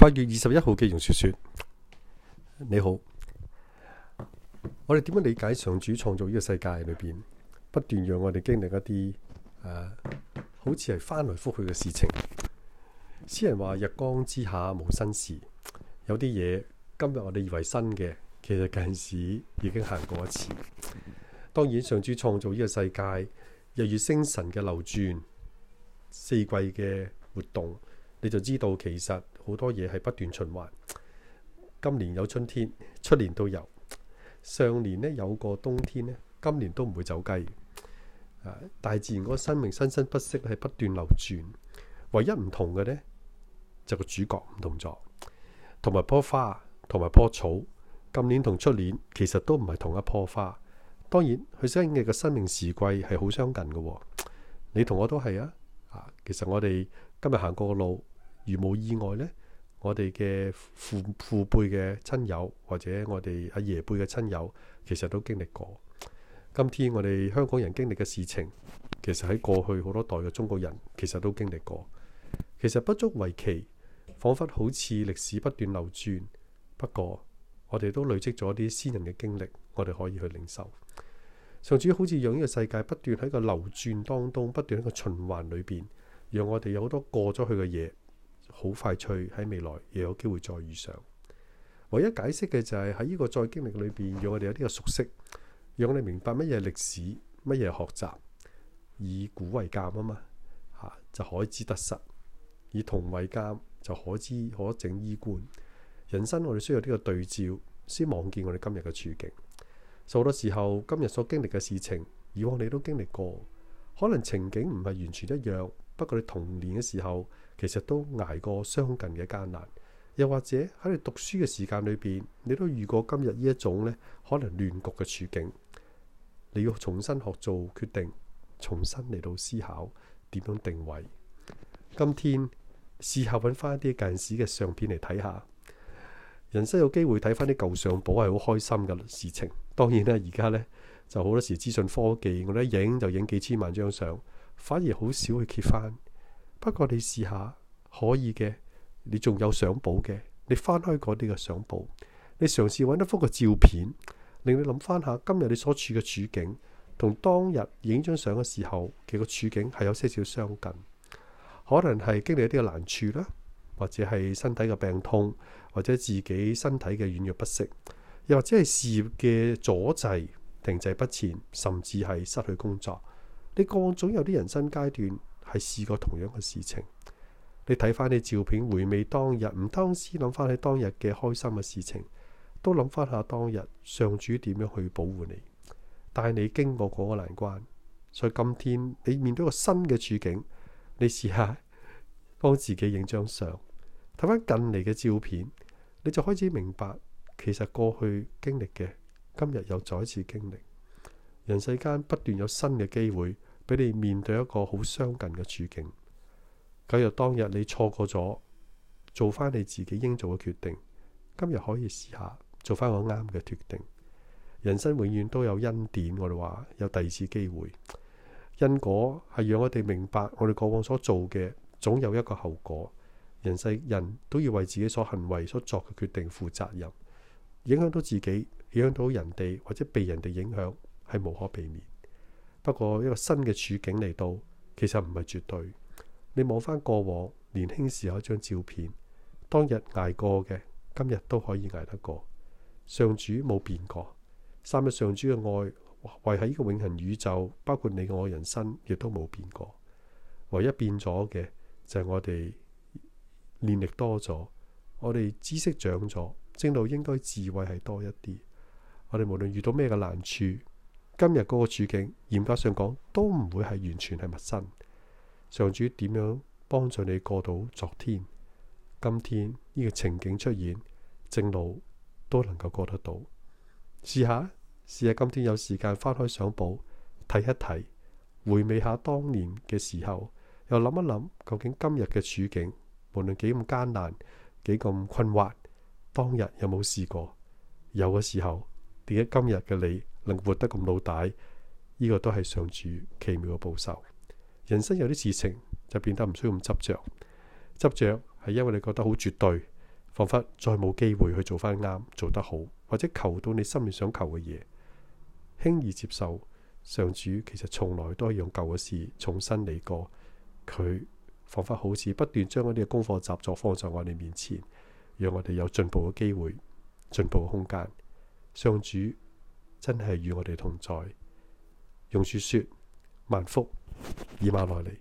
八月二十一號嘅《容說說》，你好。我哋點樣理解上主創造呢個世界裏邊，不斷讓我哋經歷一啲誒、啊，好似係翻來覆去嘅事情。詩人話：日光之下無新事。有啲嘢今日我哋以為新嘅，其實近時已經行過一次。當然，上主創造呢個世界，日月星辰嘅流轉，四季嘅活動，你就知道其實。好多嘢係不斷循環，今年有春天，出年都有。上年呢，有個冬天呢，今年都唔會走雞。啊，大自然嗰個生命生生不息，係不斷流轉。唯一唔同嘅呢，就是，個主角唔同咗，同埋棵花，同埋棵草。今年同出年其實都唔係同一棵花。當然佢相應嘅生命時季係好相近嘅。哦。你同我都係啊。啊，其實我哋今日行過嘅路，如冇意外呢，我哋嘅父父輩嘅親友，或者我哋阿爺輩嘅親友，其實都經歷過。今天我哋香港人經歷嘅事情，其實喺過去好多代嘅中國人其實都經歷過。其實不足為奇，仿佛好似歷史不斷流轉。不過我哋都累積咗啲先人嘅經歷，我哋可以去領受。甚至好似讓呢個世界不斷喺個流轉當中，不斷喺個循環裏邊，讓我哋有好多過咗去嘅嘢。好快脆喺未來，又有機會再遇上。唯一解釋嘅就係喺呢個再經歷裏邊，讓我哋有啲個熟悉，讓我哋明白乜嘢係歷史，乜嘢係學習，以古為鑑啊嘛吓，就可知得失；以同為鑑，就可知可整衣冠。人生我哋需要呢個對照，先望見我哋今日嘅處境。好多時候今日所經歷嘅事情，以往你都經歷過，可能情景唔係完全一樣，不過你童年嘅時候。其實都捱過相近嘅艱難，又或者喺你讀書嘅時間裏邊，你都遇過今日呢一種咧可能亂局嘅處境。你要重新學做決定，重新嚟到思考點樣定位。今天試下揾翻啲近時嘅相片嚟睇下，人生有機會睇翻啲舊相簿係好開心嘅事情。當然啦，而家呢就好多時資訊科技，我一影就影幾千萬張相，反而好少去揭翻。不過你試下可以嘅，你仲有相簿嘅，你翻開嗰啲嘅相簿，你嘗試揾一幅嘅照片，令你諗翻下今日你所處嘅處境，同當日影張相嘅時候嘅個處境係有些少相近，可能係經歷一啲嘅難處啦，或者係身體嘅病痛，或者自己身體嘅軟弱不適，又或者係事業嘅阻滯、停滯不前，甚至係失去工作，你過往總有啲人生階段，係試過同樣嘅事情，你睇翻你照片，回味當日，唔單止諗翻你當日嘅開心嘅事情，都諗翻下當日上主點樣去保護你，帶你經過嗰個難關。所以今天你面對一個新嘅處境，你試下幫自己影張相，睇翻近嚟嘅照片，你就開始明白，其實過去經歷嘅，今日又再一次經歷，人世間不斷有新嘅機會。俾你面對一個好相近嘅處境，假如當日你錯過咗，做翻你自己應做嘅決定，今日可以試下做翻個啱嘅決定。人生永遠都有恩典，我哋話有第二次機會。因果係讓我哋明白，我哋過往所做嘅總有一個後果。人世人都要為自己所行為所作嘅決定負責任，影響到自己，影響到人哋，或者被人哋影響，係無可避免。不過一個新嘅處境嚟到，其實唔係絕對。你望翻過往年輕時有一張照片，當日捱過嘅，今日都可以捱得過。上主冇變過，三一上主嘅愛，圍喺呢個永恆宇宙，包括你我人生，亦都冇變過。唯一變咗嘅就係、是、我哋練力多咗，我哋知識長咗，正路應該智慧係多一啲。我哋無論遇到咩嘅難處。今日嗰個處境，嚴格上講都唔會係完全係陌生。上主點樣幫助你過到昨天、今天呢個情景出現，正路都能夠過得到。試下，試下，今天有時間翻開相簿睇一睇，回味下當年嘅時候，又諗一諗究竟今日嘅處境，無論幾咁艱難、幾咁困惑，當日有冇試過？有嘅時候，點解今日嘅你？能活得咁老大，呢個都係上主奇妙嘅報酬。人生有啲事情就變得唔需要咁執着，執着係因為你覺得好絕對，仿佛再冇機會去做翻啱做得好，或者求到你心裏想求嘅嘢。輕易接受，上主其實從來都係用舊嘅事重新嚟過。佢仿佛好似不斷將嗰啲嘅功課習作放在我哋面前，讓我哋有進步嘅機會、進步嘅空間。上主。真係與我哋同在。用雪雪萬福，以馬內利。